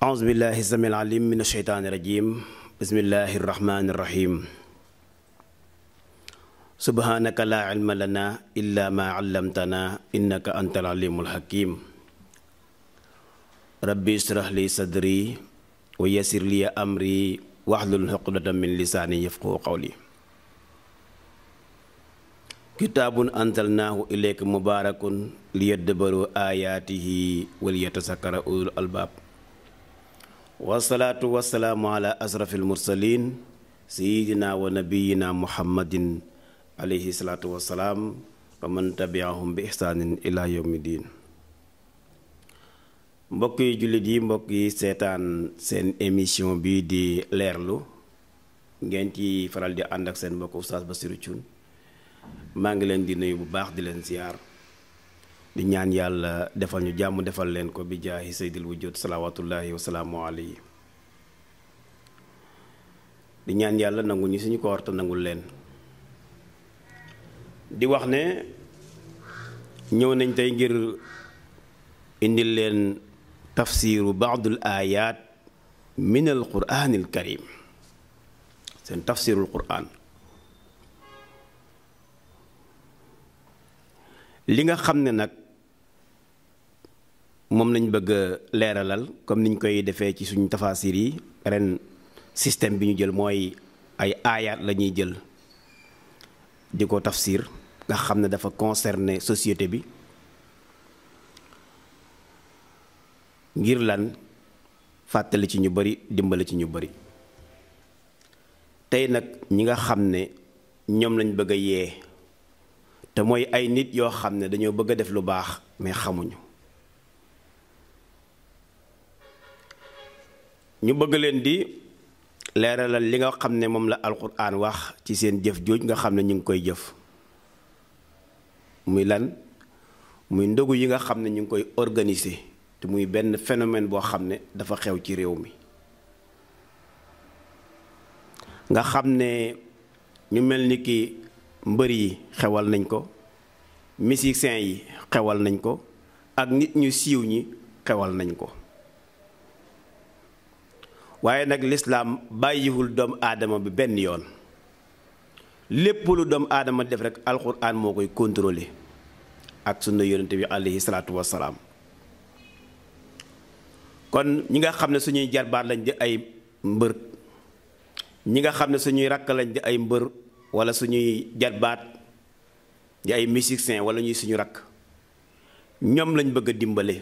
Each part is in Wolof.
أعوذ بالله السميع العليم من الشيطان الرجيم بسم الله الرحمن الرحيم سبحانك لا علم لنا إلا ما علمتنا إنك أنت العليم الحكيم ربي اشرح لي صدري ويسر لي أمري واحلل عقدة من لساني يفقه قولي كتاب أنزلناه إليك مبارك ليدبروا آياته وليتذكر أولو الألباب wasalaatu wasalaamu ala asrafil mursalin sayidina wa nabiyina muhammadin alayhi salaatu wasalaam wa man tabiahum bi ihsaanin ila yawmi diin mbokk yi jullit yi mbokk seetaan seen émission bii di leerlu ngeen ci faral di ànd ak seen mbokk Oustaz Basirou Thioune maa ngi leen di nuyu bu baax di leen ziar di ñaan yàlla defal ñu jàmm defal leen ko bi jaahi saydil wujud salawaatullahi wasalaamu alayhi di ñaan yàlla nangu ñu suñu koor te nangul leen di wax ne ñëw nañ tey ngir indil leen tafsiru baadul ayat min al quraanil karim seen tafsirul quraan li nga xam ne nag moom lañ bëgg leeralal comme ni ñu koy defee ci suñu tafaasir yi ren système bi ñu jël mooy ay aayaat la ñuy jël di ko tafsir nga xam ne dafa concerner société bi ngir lan fàttali ci ñu bari dimbali ci ñu bari tey nag ñi nga xam ne ñoom lañ bëgg a yee te mooy ay nit yoo xam ne dañoo bëgg a def lu baax mais xamuñu ñu bëgg leen di leeralal li nga xam ne moom la alquran wax ci seen jëf jooj nga xam ne ñu ngi koy jëf muy lan muy ndogu yi nga xam ne ñu ngi koy organiser te muy benn phénomène boo xam ne dafa xew ci réew mi nga xam ne ñu mel ni ki mbër yi xewal nañ ko musiciens yi xewal nañ ko ak nit ñu siiw ñi xewal nañ ko waaye nag lislaam bàyyiwul doomu aadama bi benn yoon lépp lu doomu aadama def rek alxuraan moo koy contrôler ak sunna yonente bi alayhi salaatu wasalaam kon ñi nga xam ne suñuy jarbaat lañ di ay mbër ñi nga xam ne suñuy rakk lañ di ay mbër wala suñuy jarbaat di ay musiciens wala ñuy suñu rakk ñoom lañ bëgg a dimbale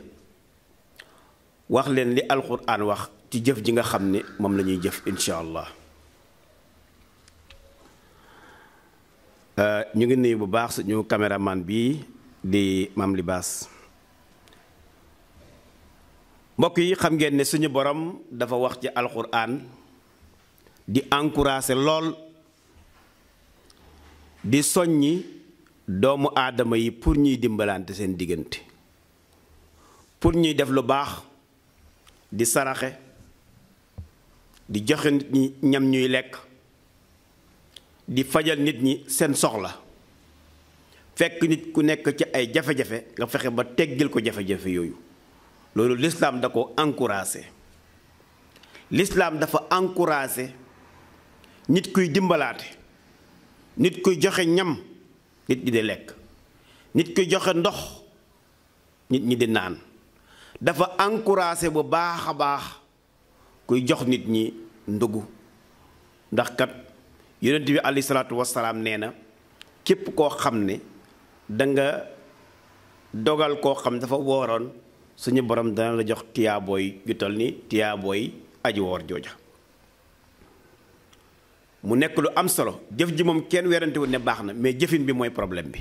wax leen li alxuraan wax ci jëf ji nga xam ne moom la ñuy jëf incha allah euh, ñu ngi nuyu bu baax suñu caméraman bii di Mame Libasse mbokk yi xam ngeen ne suñu borom dafa wax ci alxuraan di encourager lool di soññi doomu aadama yi pour ñuy dimbalante seen diggante pour ñuy def lu baax di saraxe di joxe nit ñi ñam ñuy lekk di fajal nit ñi seen soxla fekk nit ku nekk ci ay jafe-jafe nga fexe ba teggil ko jafe-jafe yooyu loolu lislaam da ko encouragé lislaam dafa encouragé nit kuy dimbalaate nit kuy joxe ñam nit ñi di lekk nit kuy joxe ndox nit ñi di naan dafa encouragé bu baax a baax kuy jox nit ñi ndugu ndax kat yonent bi alayhi salaatu wasalaam nee na képp koo xam ne da nga dogal koo xam dafa wooroon suñu borom dana la jox tiyaabooy ju toll ni tiyaabooy aji woor jooja mu nekk lu am solo jëf ji moom kenn werantewul ne baax na mais jëfin bi mooy problème bi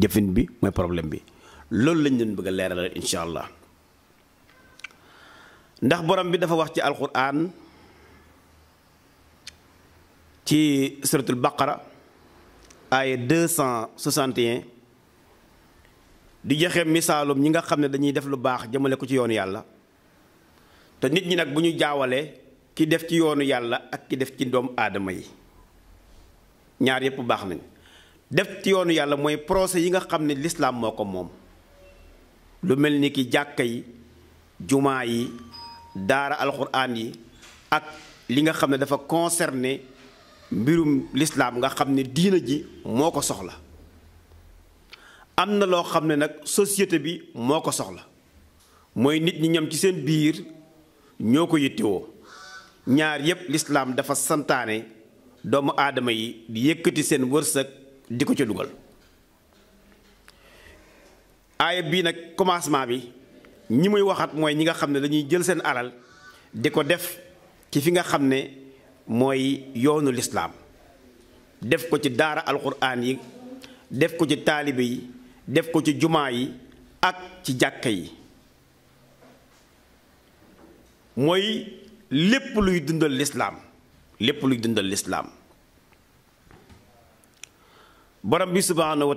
jëfin bi mooy problème bi loolu lañ leen bëgga a leeralal incha allah ndax borom bi dafa wax ci alquran ci suratul baqara aaya 261 di joxe misaalum ñi nga xam ne dañuy def lu baax jëmale ko ci yoonu yàlla te nit ñi nag bu ñu jaawalee ki def ci yoonu yàlla ak ki def ci doomu aadama yi ñaar yépp baax nañ def ci yoonu yàlla mooy procès yi nga xam ne lislaam moo ko moom lu mel ni ki jàkka yi jumaa yi daara alxuraan yi ak li nga xam ne dafa concerné mbirum lislaam nga xam ne diina ji moo ko soxla am na loo xam ne nag société bi moo ko soxla mooy nit ñi ñam ci seen biir ñoo ko yittewoo ñaar yépp lislaam dafa santaane doomu aadama yi di yëkkati seen wërsëg di ko ca dugal aaya bii nag commencement bi ñi muy waxat mooy ñi nga xam ne dañuy jël seen alal di ko def ci fi nga xam ne mooy yoonu lislaam def ko ci daara alxuraan yi def ko ci taalibe yi def ko ci jumaa yi ak ci jàkka yi mooy lépp luy dundal lislaam lépp luy dundal lislaam borom bi subhaanahu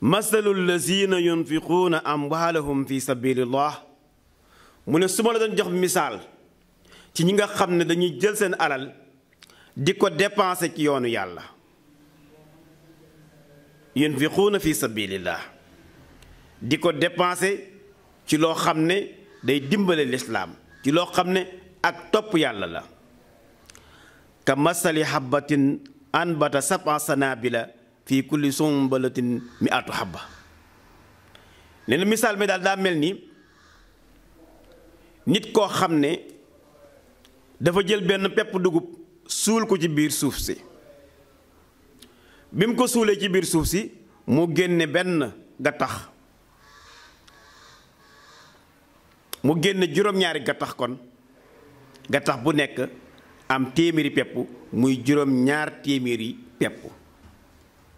masalu lazina yunfiquuna amwaalahum fi sabilillah mu ne su ma la doon jox misaal ci ñi nga xam ne dañuy jël seen alal di ko dépenser ci yoonu yàlla yunfiquuna fi sabilillah di ko dépenser ci loo xam ne day dimbale lislaam ci loo xam ne ak topp yàlla la ka masali habatin anbata sab'a sanabila fii kulli sumbalatin mi atu xabba nee na misaal mi daal daa mel ni nit koo xam ne dafa jël benn pepp dugub suul ko ci biir suuf si bi mu ko suulee ci biir suuf si mu génne benn gàttax mu génne juróom-ñaari gattax kon gàttax bu nekk am téeméeri pepp muy juróom-ñaar téeméeri pepp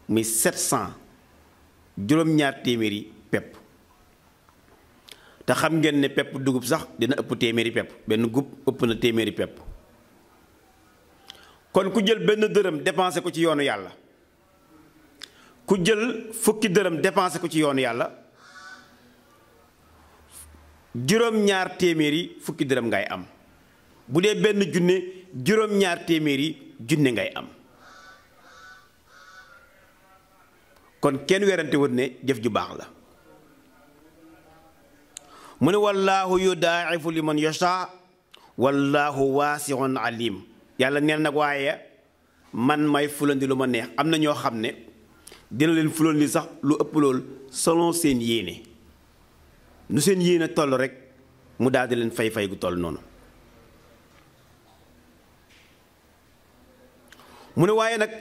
muy 700 juróom-ñaar téeméeri pepp te xam ngeen ne pepp dugub sax dina ëpp téeméeri pepp benn gub ëpp na téeméeri pepp kon ku jël benn dërëm dépensé ko ci yoonu yàlla ku jël fukki dërëm dépensé ko ci yoonu yàlla juróom-ñaar téeméeri fukki dërëm ngay am bu dee benn junne juróom-ñaar téeméeri junne ngay am kon kenn werante wut ne jëf ju baax la mu ne wallaahu yudaa'ifu liman yashaa wallaahu waasi'un aliim yàlla neen nag waaye man may fulandi lu ma neex am na ñoo xam ne dina leen fulandi sax lu ëpp lool selon seen yéene nu seen yéene toll rek mu daal di leen fay fay gu toll noonu mu ne waaye nag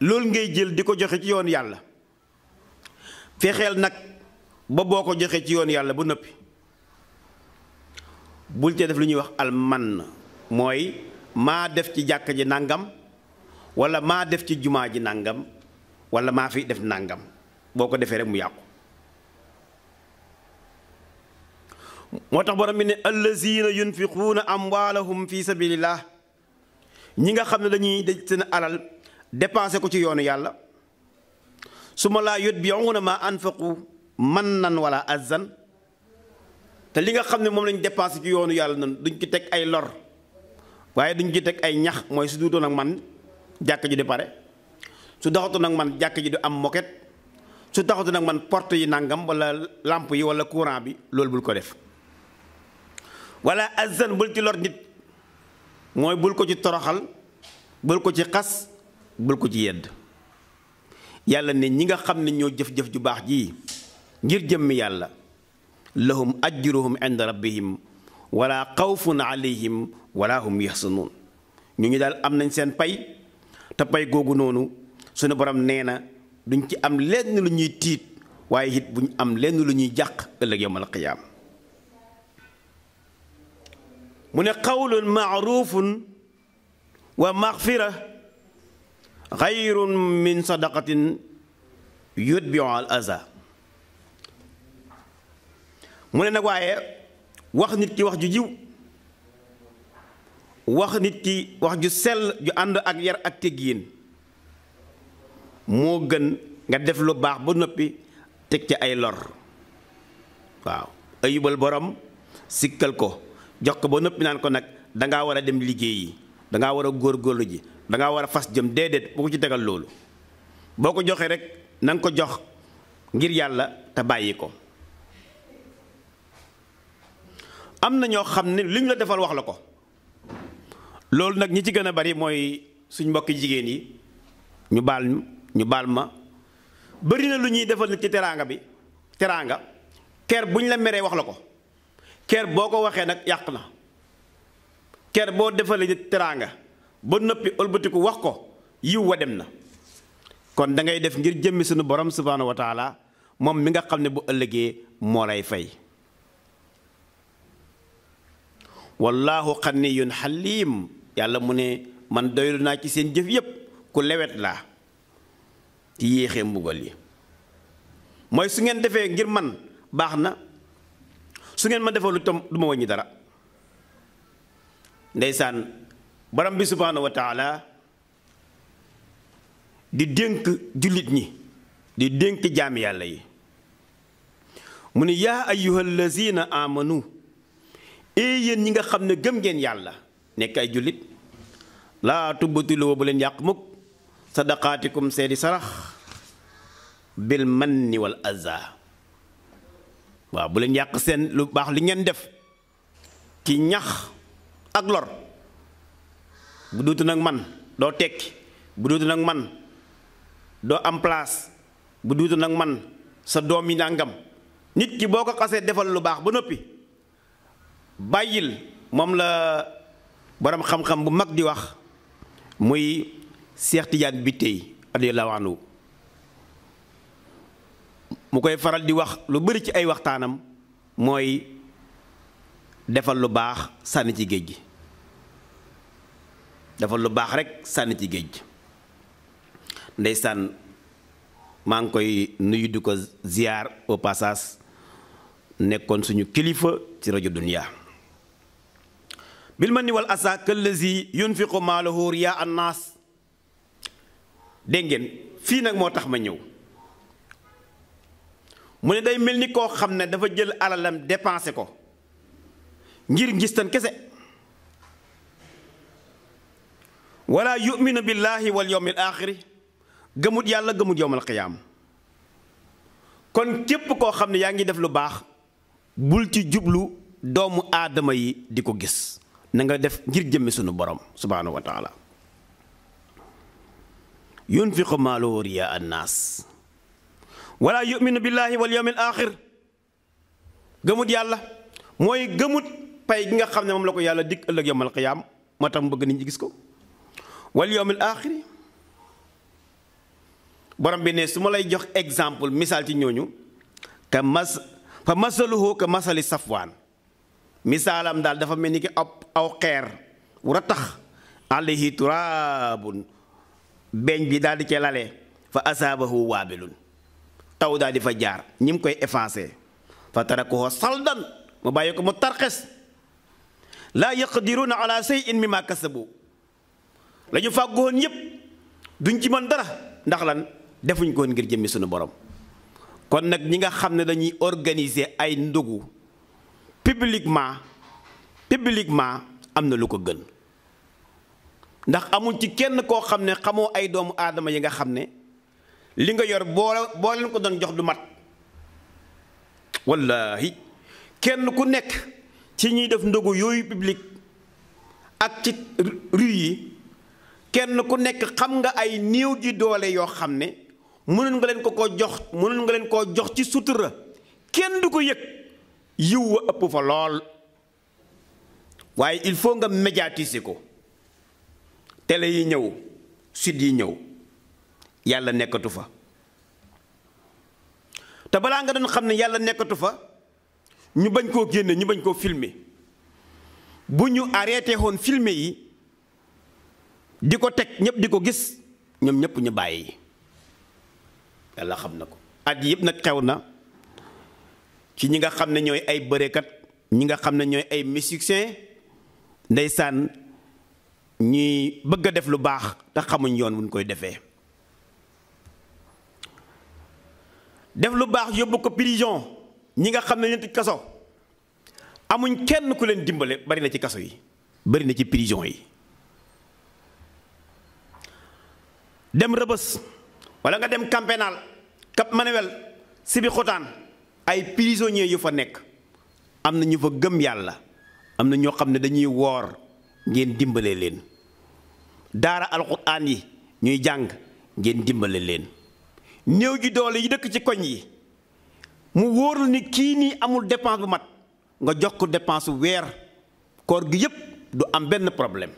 loolu ngay jël di ko joxe ci yoon yàlla fexeel nag ba boo ko joxee ci yoon yàlla ba noppi bul te def lu ñuy wax al alman mooy maa def ci jàkk ji nàngam wala maa def ci jumaa ji nàngam wala maa fi def nàngam boo ko defee rek mu yàqu moo tax borom bi ne allazina yunfiquuna amwaalahum fi sabilillah ñi nga xam ne dañuy daj seen alal dépensé ko ci yoonu yàlla su ma laa yot bi na ma anfaqu man nan wala azan te li nga xam ne moom lañ dépensé ci yoonu yàlla nan duñ ci teg ay lor waaye duñ ci teg ay ñax mooy su duutoon ak man jàkk ji di pare su doxatoon ak man jàkk ji di am moket su taxatoon ak man porte yi nangam wala làmp yi wala courant bi loolu bul ko def wala azan bul ci lor nit mooy bul ko ci toroxal bul ko ci xas bul ko ci yedd yàlla ne ñi nga xam ne ñoo jëf-jëf ju baax ji ngir jëmm yàlla lahum ajruhum inda rabbihim wala xawfun alayhim wala hum yaxsanuun ñu ñu daal am nañ seen pay te pay googu noonu suñu borom nee na duñ ci am lenn lu ñuy tiit waaye it buñ am lenn lu ñuy jàq ëllëg yawmal qiyaam mu ne qawlun maarufun wa maxfira xayrun min sadaqatin yutbiu al aza mu ne nag waaye wax nit ki wax ju jiw wax nit ki wax ju sell ju ànd ak yar ak teggiin moo gën nga def lu baax ba noppi teg ca ay lor waaw ayubal borom sikkal ko jox ko ba noppi naan ko nag danga war a dem liggéey dangaa war a góorgóorlu ji da war a fas jëm déedéet bu ko ci tegal loolu boo ko joxee rek nanga ko jox ngir yàlla te bàyyi ko. am na ñoo xam ne li ñu la defal wax la ko loolu nag ñi ci gën a bari mooy suñ mbokki jigéen yi ñu baal ñu baal ma bari na lu ñuy defal nit ci teraanga bi teraanga ker bu ñu la meree wax la ko ker boo ko waxee nag yàq na ker boo defalee nit teraanga. ba noppi ëlbatiku wax ko yiw wa dem na kon dangay def ngir jëmmi sunu borom subhaanahu moom mi nga xam ne bu ëllëgee moo lay fay wallaahu xaniyun xaliim yàlla mu ne man doylu naa ci seen jëf yépp ku lewet laa ci yéexee mbugal yi mooy su ngeen defee ngir man baax na su ngeen ma defee lu tam du dara ndeysaan borom bi subhaanahu wa di dénk jullit ñi di dénk jaam yàlla yi mu ne yaa ayyuhal lazina amanu ee ñi nga xam ne gëm ngeen yàlla nekk ay jullit laatu tubbatiloo bu leen yàq mukk sadaqaatikum seeni sarax bil manni wal azaa waaw bu leen yàq seen lu baax li ngeen def ci ñax ak lor bu duutoon nag man doo tekki bu duutoon nag man doo am place bu duutoon nag man sa doom yi nàngam nit ki boo ko xasee defal lu baax ba noppi bàyyil moom la borom xam-xam bu mag di wax muy Seex Tijaan Bitey radiyallaahu anhu mu koy faral di wax lu bari ci ay waxtaanam mooy defal lu baax sànni ci géej gi dafa lu baax rek sànni ci géej ndeysaan maa ngi koy nuyu di ko ziar au passage nekkoon suñu kilifa ci rajo dunia bil manni wal asa këllazi yunfiqu maalahu riyaa annaas dégg fii nag moo tax ma ñëw mu ne day mel ni koo xam ne dafa jël alalam dépensé ko ngir ngistan kese wala yuminu billahi wal yawmil axiri gëmut yàlla gëmut yowmal qiyaam kon képp koo xam ne yaa ngi def lu baax bul ci jublu doomu aadama yi di ko gis na nga def ngir jëmmi sunu borom subhaanahu wa taala yunfiqu maalahu riyaa annaas wala yuminu billahi wal yawmil axir gëmut yàlla mooy gëmut pay ki nga xam ne moom la ko yàlla dikk ëllëg yowmal qiyaam moo tax mu bëgg nit ñi gis ko wal yawmil aaxiri borom bi ne su ma lay jox exemple misaal ci ñooñu ka mas fa masaluhu ka masali safwaan misaalam daal dafa mel ni ki ab aw xeer wu ratax alayhi turaabun beñ bi daal di ca lale fa asaabahu waabilun taw daal di fa jaar ñi mu koy effacé fa tarakuhu saldan mu bàyyi ko mu tarxes laa yaqdiruuna ala shay'in mimma kasabu lañu ñu fàggoon yëpp duñ ci mën dara ndax lan defuñ ko ngir jëmmi suñu borom kon nag ñi nga xam ne dañuy organiser ay ndogu publiquement publiquement am na lu ko gën ndax amul ci kenn koo xam ne xamoo ay doomu aadama yi nga xam ne li nga yor boo boo leen ko doon jox du mat wallaahi kenn ku nekk ci ñuy def ndogu yooyu public ak ci rue yi kenn ku nekk xam nga ay néew ji doole yoo xam ne mënoon nga leen ko ko jox mënoon nga leen koo jox ci sutura kenn du ko yëg yiw wa ëpp fa lool waaye il faut nga médiatiser ko télé yi ñëw sud yi ñëw yàlla nekkatu fa te balaa nga doon xam ne yàlla nekkatu fa ñu bañ koo génne ñu bañ koo filme bu ñu arrêté woon filmer yi di ko teg ñëpp di ko gis ñoom ñëpp ñu bàyyi yàlla xam na ko ak yëpp nag xew na ci ñi nga xam ne ñooy ay bërekat ñi nga xam ne ñooy ay musiciens ndeysaan ñuy bëgg a def lu baax te xamuñ yoon wuñ koy defee def lu baax yóbbu ko prison ñi nga xam ne ñetti kaso amuñ kenn ku leen dimbale bari na ci kaso yi bari na ci prison yi dem rëbës walla nga dem camp pénal Cap Manuel Sébikotane ay prisonniers yu fa nekk am na ñu fa gëm yàlla am na ñoo xam ne dañuy woor ngeen dimbale leen daara alxuraan yi ñuy jàng ngeen dimbale leen néew ji doole yi dëkk ci koñ yi mu wóorul ni kii nii amul dépense bu mat nga jox ko dépense weer koor gi yépp du am benn problème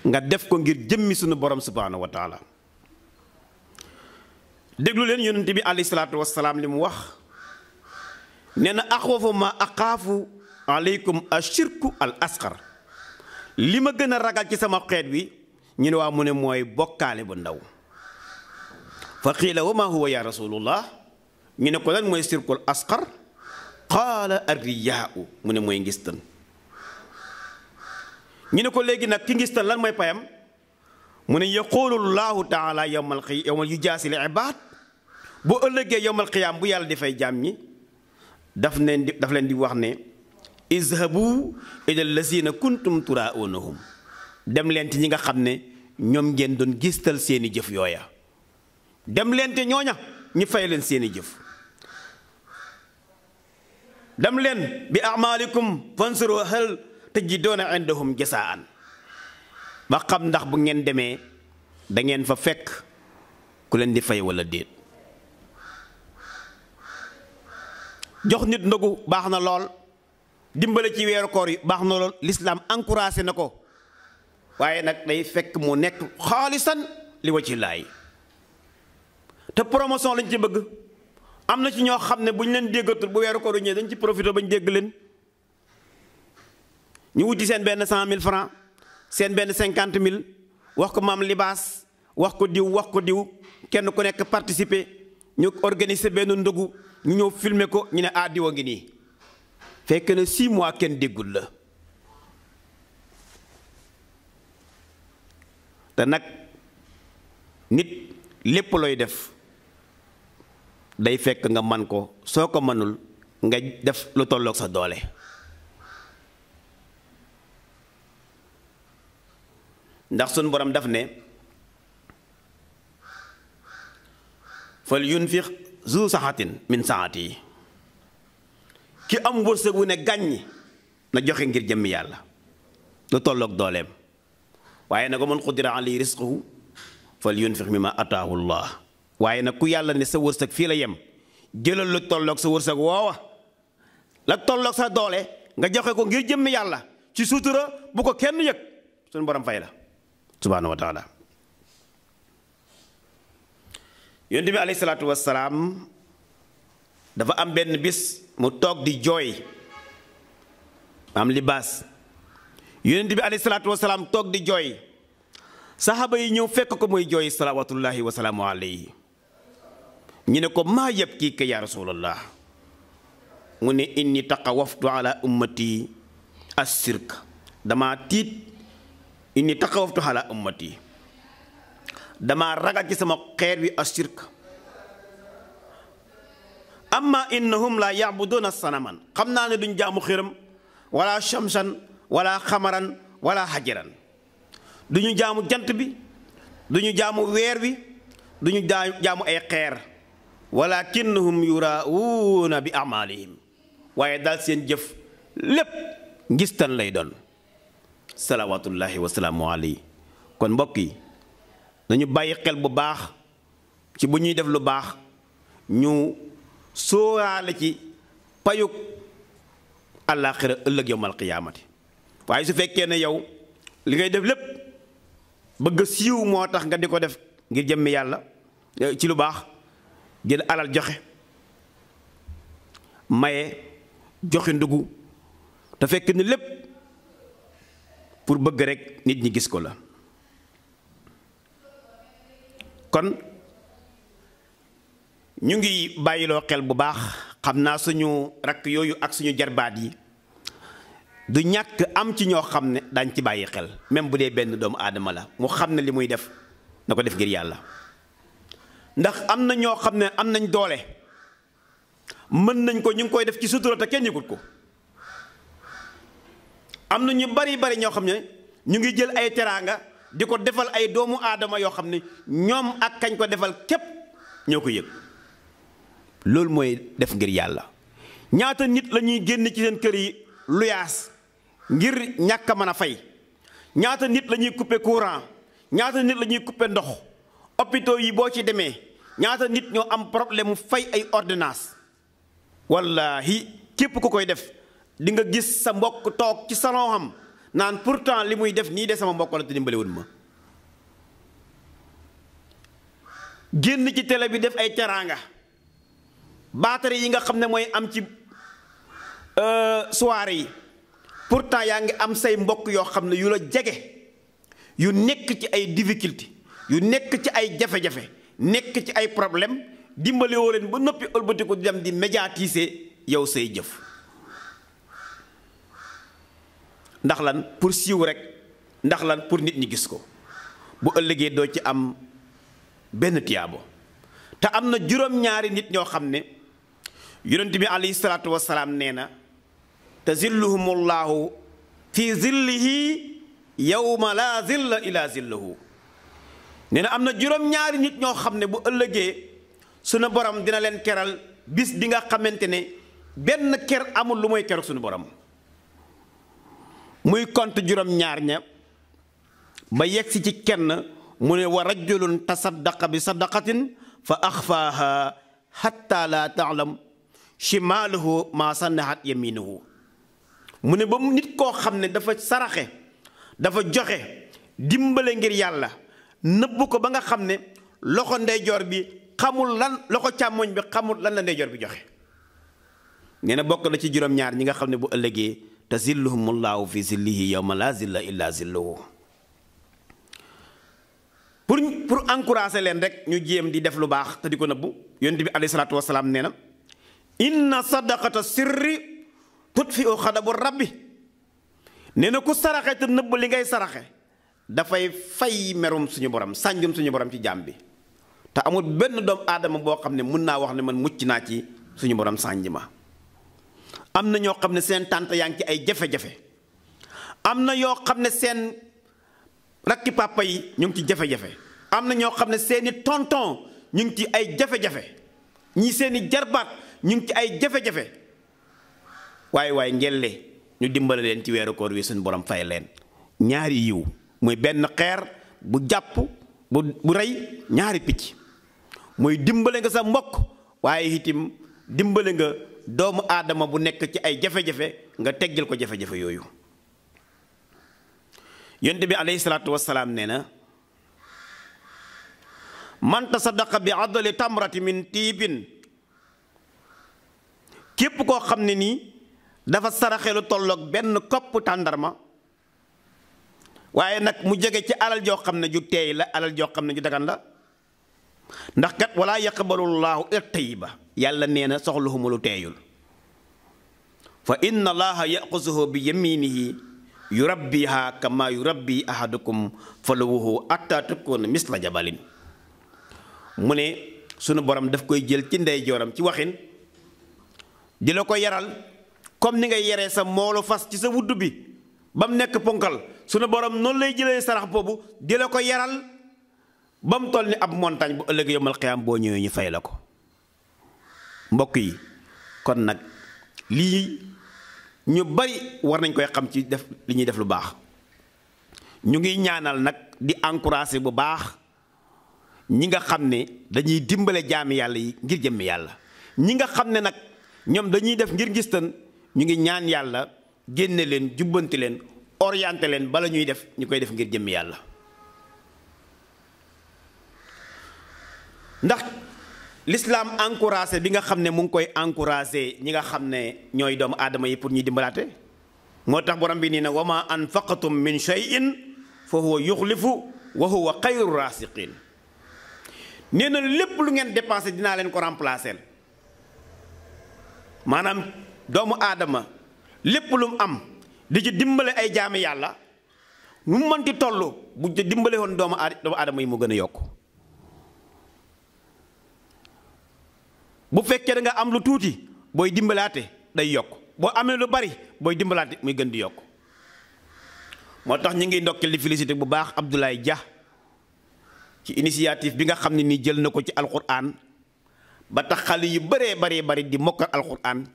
nga def ko ngir jëmmi sunu borom subhaanahu wa taala déglu leen yonent bi alayhi salaatu wassalaam li mu wax nee na axwafu ma axaafu aleykum ashirku al asxar li ma gën a ragal ci sama xeet wi ñu ne waa mu ne mooy bokkaale bu ndaw fa qiila wa ma huwa ya rasulullah ñu ne ko lan mooy shirkul asxar qaala arriyaau mu ne mooy ngistan ñu ne ko léegi nag ki ngistal lan mooy payam mu ne yaqulu llahu taala yowmal qi yowmal yu jaasil ibaad bu ëllëgee yowmal qiyaam bu yàlla di fay jaam ñi daf leen di daf leen di wax ne izhabu ila lazina kuntum turaunahum dem leen te ñi nga xam ne ñoom ngeen doon gistal seeni jëf yooya dem leen te ñooña ñu fay leen seeni jëf dem bi amalikum fansuru hal tajiduuna indahum jasaan ba xam ndax bu ngeen demee da ngeen fa fekk ku leen di fay wala déet jox nit ndogu baax na lool dimbale ci weeru koor yi baax na lool lislaam encouragé na ko waaye nag day fekk mu nekk xaalisan li wa ci laay te promotion lañ ci bëgg am na ci ñoo xam ne bu ñu leen déggatul bu weeru koor ñëwee dañ ci profité bañ dégg leen ñu wuti seen benn cent mille franc seen benn cinquante mil wax ko maam libaas wax ko diw wax ko diw kenn ku nekk participer ñu organiser benn ndogu ñu ñëw filmer ko ñu ne ah diw a ngi nii fekk na six mois kenn déggul la te nag nit lépp looy def day fekk nga man ko soo ko mënul nga def lu tolloog sa doole ndax sun borom daf ne fal yunfiq zu saxatin min saxati yi ki am wërsëg wu ne gàññ na joxe ngir jëmmi yàlla lu tolloog dooleem waaye nag ko mën alayhi rizquhu fal yunfiq mimma ataahu llah waaye nag ku yàlla ne sa wërsëg fii la yem jëlal lu tolloog sa wërsëg woowa la tolloog sa doole nga joxe ko ngir jëmmi yàlla ci sutura bu ko kenn yëg suñu borom fay la subhaanahu wa taala yonent wassalaam dafa am benn bis mu toog di jooy am libaas yonent bi alayhi salaatu wassalaam toog di jooy saxaaba yi ñëw fekk ko muy jooy salawaatullahi wasalaamu alayhi ñu ne ko maa yëpp kii ka yaa rasulallah mu ne inni taqawaftu ala ummati as dama tiit inni taxawaftu xalaa ummati dama ragal ci sama xeer wi ashirk amma innahum la yabuduna sanaman xam naa ne duñu jaamu xëram wala shamsan wala xamaran wala hajaran duñu jaamu jant bi duñu jaamu weer wi duñu jaamu ay xeer walakinnahum yuraawuuna bi amalihim waaye daal seen jëf lépp ngistan lay doon salawaatullahi wasalaamu alayhi kon mbokk yi nañu bàyyi xel bu baax ci bu ñuy def lu baax ñu sóoraale ci payug àllaaxira ëllëg yowmal qiyaamati waaye su fekkee ne yow li ngay def lépp bëgg siiw moo tax nga di ko def ngir jëmmi yàlla eh, ci lu baax jël alal joxe maye joxi ndugu te fekk ni lépp pour bëgg rek nit ñi gis ko la kon ñu ngi bàyyiloo xel bu baax xam naa suñu rakk yooyu ak suñu jarbaat yi du ñàkk am ci ñoo xam ne dañ ci bàyyi xel même bu dee benn doomu aadama la mu xam ne li muy def na ko def ngir yàlla ndax am na ñoo xam ne am nañ doole mën nañ ko ñu ngi koy def ci sutura te kenn yëgut ko am na ñu bari bari ñoo xam ne ñu ngi jël ay teraanga di ko defal ay doomu aadama yoo xam ne ñoom ak kañ ko defal képp ñoo ko yëg loolu mooy def ngir yàlla ñaata nit la ñuy génn ci seen kër yi luyaas ngir ñàkk a mën a fay ñaata nit la ñuy couper courant ñaata nit la ñuy couper ndox hôpitaux yi boo ci demee ñaata nit ñoo am problème mu fay ay ordonnance wallaahi képp ku koy def di nga gis sa mbokk toog ci salon am naan pourtant li muy def nii de sama mbokk la te dimbalewul ma génn ci tele bi def ay teraanga batterie yi nga xam ne mooy am ci euh, soirée yi pourtant yaa ngi am say mbokk yoo xam ne yu la jege yu nekk ci ay difficulté yu nekk ci ay jafe-jafe nekk ci ay problème dimbalewoo leen ba noppi ëlbatiku dem di médiatiser yow say jëf ndax lan pour siiw rek ndax lan pour nit ñi gis ko bu ëllëgee doo ci am benn tiyaabo te am na juróom-ñaari nit ñoo xam ne yonent bi alayhi salaatu wasalaam nee na te zilluhumullahu fi zillihi yawma laa zilla ila zillahu nee na am na juróom-ñaari nit ñoo xam ne bu ëllëgee sunu borom dina leen keral bis bi nga xamante ne benn ker amul lu mooy keroog sunu borom muy kont juróom-ñaar ña ba yegsi ci kenn mu ne wa rajulun tasaddaqa bi sadaqatin fa axfaaha xatta laa taalam chimaaluhu maa sannahat yaminuhu mu ne ba nit koo xam ne dafa saraxe dafa joxe dimbale ngir yàlla nëbb ko ba nga xam ne loxo ndeyjoor bi xamul lan loxo càmmoñ bi xamul lan la ndeyjoor bi joxe nee na bokk la ci juróom-ñaar ñi nga xam ne bu ëllëgee te zilluhumullaahu fi zillihi yawma laa zilla illaa zilluhu pour pour encourager leen rek ñu jéem di def lu baax te di ko nëbbu yonent bi alayhi salaatu nee na inna sadaqata sirri tutfi u xadabu rabbi nee na ku saraxe te nëbb li ngay saraxe dafay fay merum suñu borom sànjum suñu borom ci jaam bi te amut benn doomu aadama boo xam ne mën naa wax ne man mucc naa ci suñu borom sànj ma am na ñoo xam ne seen tante yaa ngi ci ay jafe-jafe am na yoo xam ne seen rakki papa yi ñu ngi ci jafe-jafe am na ñoo xam ne seeni tonton ñu ngi ci ay jafe-jafe ñi seeni jarbaat ñu ngi ci ay jafe-jafe waaye waaye ngelle ñu dimbale leen ci weeru koor wi suñu borom fay leen ñaari yiw muy benn xeer bu jàpp bu bu rey ñaari picc muy dimbale nga sa mbokk waaye itim dimbale nga doomu aadama bu nekk ci ay jafe-jafe nga teggil ko jafe-jafe yooyu yonent bi aleyhi salaatu wassalaam nee na man tasaddaqa bi adli tamrati min tiibin képp koo xam ne nii dafa saraxe lu tolloog benn kopp tàndarma waaye nag mu jege ci alal joo xam ne ju teey la alal joo xam ne ju dagan la ndax kat walaa yaqbalu llaahu at yàlla nee na soxluhuma lu teeyul fa inna allaha yaxusuhu bi yaminihi yurabbiha yu yurabbi ahadukum faluwuhu atta tukkoon misla jabalin mu ne sunu borom daf koy jël ci ndeyjooram ci waxin di la ko yaral comme ni ngay yaree sa moolu fas ci sa wudd bi ba mu nekk ponkal sunu borom noonu lay jëlee sarax boobu di la ko yaral ba mu toll ni ab montagne bu ëllëg yomal xiyaam boo ñëwee ñu fay la ko mbokk yi kon nag lii ñu bari war nañ koy xam ci def li ñuy def lu baax ñu ngi ñaanal nag di encourager bu baax ñi nga xam ne dañuy dimbale jaami yàlla yi ngir jëmmi yàlla ñi nga xam ne nag ñoom dañuy def ngir gis ñu ngi ñaan yàlla génne leen jubbanti leen orienté leen bala ñuy def ñu koy def ngir jëmmi yàlla ndax lislaam encouragé bi nga xam ne mu ngi koy encouragé ñi nga xam ne ñooy doomu aadama yi pour ñuy dimbalaate moo tax borom bi nii ne wa ma anfaqatum min shay'in fa huwa yuxlifu wa huwa xayru raasiqin nee na lépp lu ngeen dépensé dinaa leen ko remplacer maanaam doomu aadama lépp lu mu am di ci dimbale ay jaami yàlla mu mënti toll bu dimbale woon doomu adama yi mu gën a yokk bu fekkee da nga am lu tuuti booy dimbalaate day yokk boo amee lu bari booy dimbalaate muy gën di yokk moo tax ñu ngi ndokkeel di félicité bu baax Abdoulaye Dia ci initiative bi nga xam ne ni jël na ko ci alquran ba tax xale yi bëree bari bari di mokkal alquran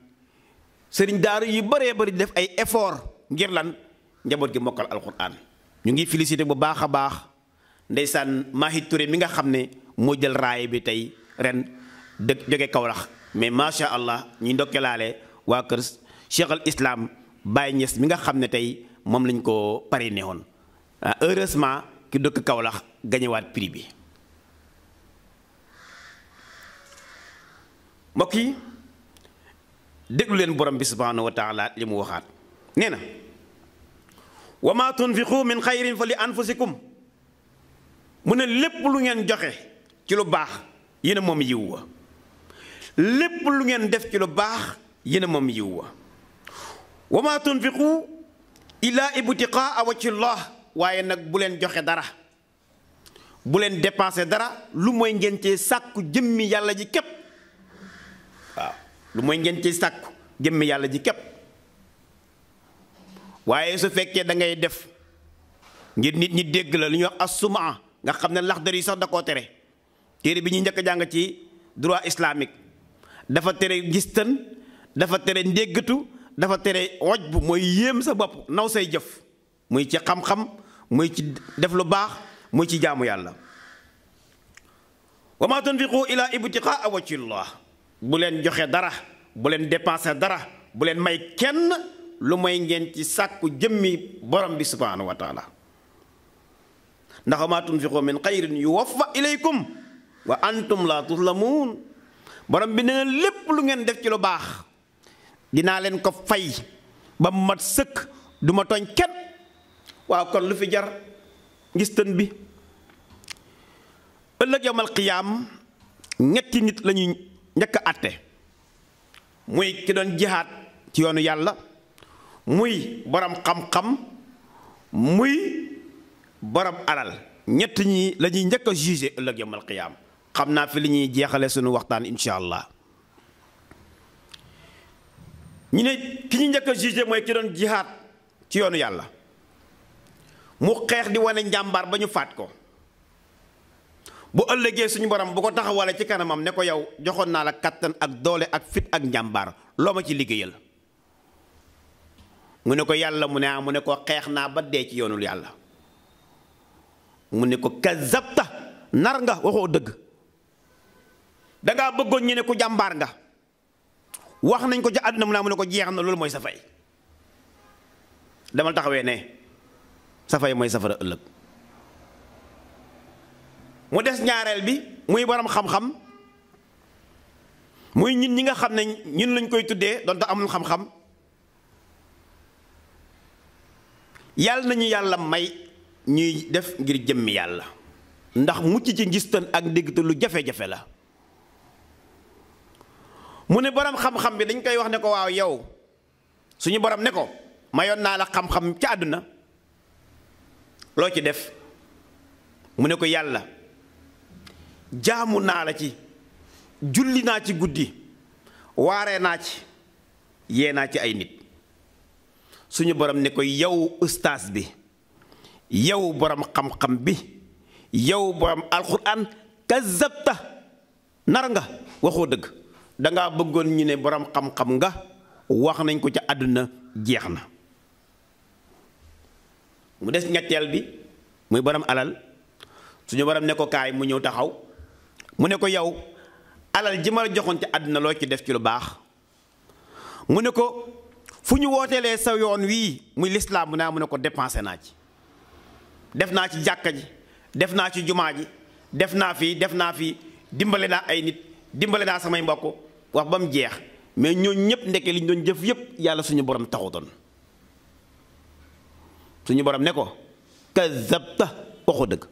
sëriñ daaru yi bëree bari di def ay effort ngir lan njaboot gi mokkal alquran ñu ngi félicité bu baax a baax ndeysaan Mahi mi nga xam ne moo jël raay bi tey ren. dëkk jóge Kaolack mais macha allah ñuy ndokkelaale waa kër Cheikh islaam Islam Baye Niass mi nga xam ne tey moom lañ ko parrainé woon ah, heureusement ki dëkk Kaolack gañewaat prix bi mbokk yi déglu leen borom bi subhanahu wa li mu waxaat nee na wa ma tunfiqu min xayrin fa li anfusikum mu ne lépp lu ngeen joxe ci lu baax yéen a moom yiw wa lépp lu ngeen def ci lu baax yéen moom yiw wa wa ma tunfiqu illa ibtiqaa wajhillah waaye nag bu leen joxe dara bu leen dépensé dara lu mooy ngeen cee sàkku jëmmi yàlla ji képp waaw lu mooy ngeen cee jëmmi yàlla ji képp waaye su fekkee da ngay def ngir nit ñi dégg la lu ñuy wax assumaa nga xam ne laxdar yi sax da koo tere téere bi ñuy njëkk jàng ci droit islamique dafa tere gis dafa tere ndéggatu dafa tere waj bu mooy yéem sa bopp naw say jëf muy ci xam-xam muy ci def lu baax muy ci jaamu yàlla wa ma tunfiqu ila ibtiqaa wajhillah bu leen joxee dara bu leen dépenser dara bu leen may kenn lu may ngeen ci sàkku jëmmi borom bi subhanahu wa taala ndax wa ma tunfiqu min xayrin yuwaffa ilaykum wa antum la tuzlamun borom bi nee na lépp lu ngeen def ci lu baax dinaa leen ko fay ba mu mat sëkk du ma tooñ kenn waaw kon lu fi jar ngis tën bi ëllëg yawmal qiyaam ñetti nit lañuy njëkk atte muy ki doon jihaat ci yoonu yàlla muy borom xam-xam muy borom alal ñett ñi lañuy njëkk a jugé ëllëg yawmal qiyaam xam naa fi li ñuy jeexale sunu waxtaan incha allah ñu ne ki ñu njëkk a mooy ki doon jihaat ci yoonu yàlla mu xeex di wane njàmbaar ba ñu faat ko bu ëllëgee suñu borom bu ko taxawalee ci kanamam ne ko yow joxoon naa la kattan ak doole ak fit ak njàmbaar loo ci liggéeyal mu ne ko yàlla mu ne ah, mu ne ko xeex naa ba dee ci yoonu yàlla mu ne ko kazabta nar nga waxoo dëgg dangaa bëggoon ñu ne ku jàmbaar nga wax nañ ko ci àdduna mu naa mu ne ko jeexam na loolu mooy sa fay demal taxawee ne sa mooy safara ëllëg mu des ñaareel bi muy baram xam-xam muy ñun ñi nga xam ne ñun lañ koy tuddee donte amul xam-xam yàlla nañu yàlla may ñuy def ngir jëmmi yàlla ndax mucc ci ngistan ak ndégg te lu jafe-jafe la mu ne borom xam-xam bi dañ koy wax ne ko waaw yow suñu borom ne ko mayoon naa la xam-xam ca àdduna loo ci def mu ne ko yàlla jaamu naa la ci julli naa ci guddi waaree naa ci yee naa ci ay nit suñu borom ne ko yow ustaas bi yow borom xam-xam bi yow borom alxuraan kazabta nar nga waxoo dëgg dangaa bëggoon ñu ne borom xam-xam nga wax nañ ko ca àdduna jeex na mu des ñetteel bi muy borom alal suñu borom ne ko mu ñëw taxaw mu ne ko yow alal ji ma la joxoon ca àdduna loo ci def ci lu baax mu ne ko fu ñu wooteelee sa yoon wii muy lislaam bu naa ah, mu ne ko dépensé naa ci def naa ci jàkka ji def naa ci jumaa ji def naa fii def naa fii dimbale naa ay nit dimbale naa samay mbokk wax ba mu jeex mais ñooñ ñëpp ndekke li ñu doon jëf yëpp yàlla suñu borom taxutoon suñu borom ne ko kazabta waxu dëgg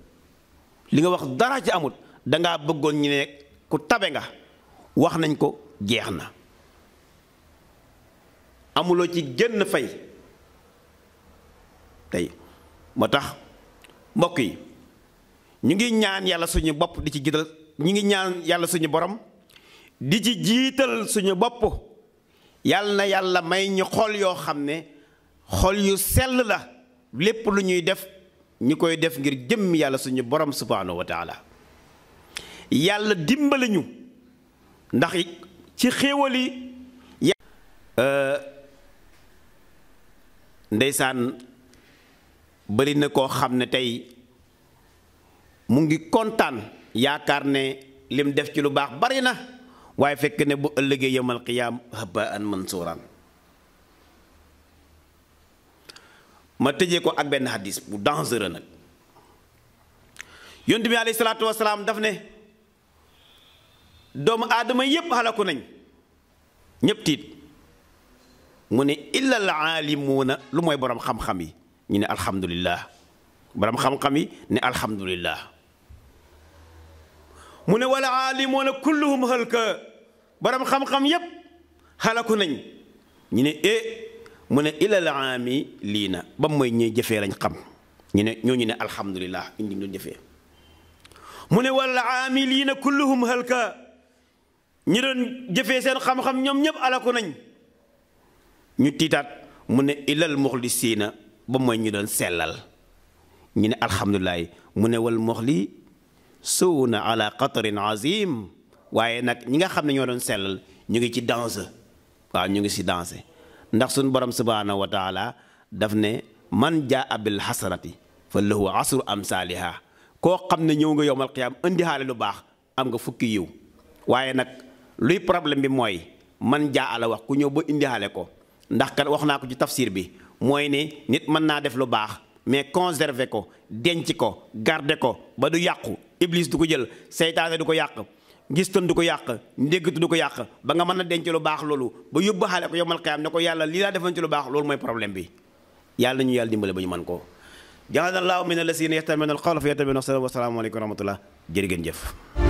li nga wax dara ci amut danga bëggoon ñu ne ku tabe nga wax nañ ko jeex na amuloo ci génn fay tey moo tax mbokk yi ñu ngi ñaan yàlla suñu bopp di ci jiital ñu ngi ñaan yàlla suñu borom di ci jiital suñu bopp yal na yàlla may ñu xol yoo xam ne xol yu sell la lépp lu ñuy def ñu koy def ngir jëmm yàlla suñu borom subhaanahu wa yàlla dimbali ñu ndax ci xéewal yi euh, ndeysaan bari na koo xam ne tey mu ngi kontaan yaakaar ne lim def ci lu baax bari na waaye fekk ne bu ëllëgee yawmal qiyaam habaan mansuuraan ma tëje ko ak benn hadis bu dangereux nag yontu bi alayhi salaatu wasalaam daf ne doomu aadama yépp xalaku nañ ñépp tiit mu ne illal aalimuuna lu mooy boroom xam-xam yi ñu ne alhamdulillah boroom xam-xam yi ne alhamdulillah mu ne wala aalimuuna kulluhum halka borom xam-xam yépp xalaku nañ ñu ne eh, mu ne ilal aami lii na ba mooy ñuy jëfee lañ ñu ne ñooñu ne alhamdulilah indi ñu mu ne wala aami lii na kulluhum halka ñi doon jëfe seen xam-xam ñoom ñëpp alaku nañ ñu tiitaat mu ne sii na ba mooy ñu doon sellal ñu ne alhamdulilah mu ne wal muxli suuna ala qatarin azim waaye nag ñi nga xam ne ñoo doon sellal ñu ngi ci danse waaw ñu ngi si danse ndax suñu borom subhaanahu wa taala daf ne man jaa bil hasanati fa lahu am amsaaliha koo xam ne ñëw nga yowmal qiyaam indi xaale lu baax am nga fukki yiw waaye nag luy problème bi mooy man jaa ala wax ku ñëw ba indi xaale ko ndax kat wax naa ko ci tafsir bi mooy ne nit mën naa def lu baax mais conserver ko denc ko garder ko ba du yàqu iblis du ko jël seytaane du ko yàq ngistan du ko yàq ndéggatu du ko yàq ba nga mën a denc lu baax loolu ba yóbbu xaale ko yomal xiyaam ne ko yàlla lii laa defan ci lu baax loolu mooy problème bi yàlla nañu yàlla dimbale ba ñu mën koo ja'alanallahu min alladhina yastami'una alqawla fa yattabi'una ahsanahu wa salaamu aleykum wa rahmatullah jërë jëf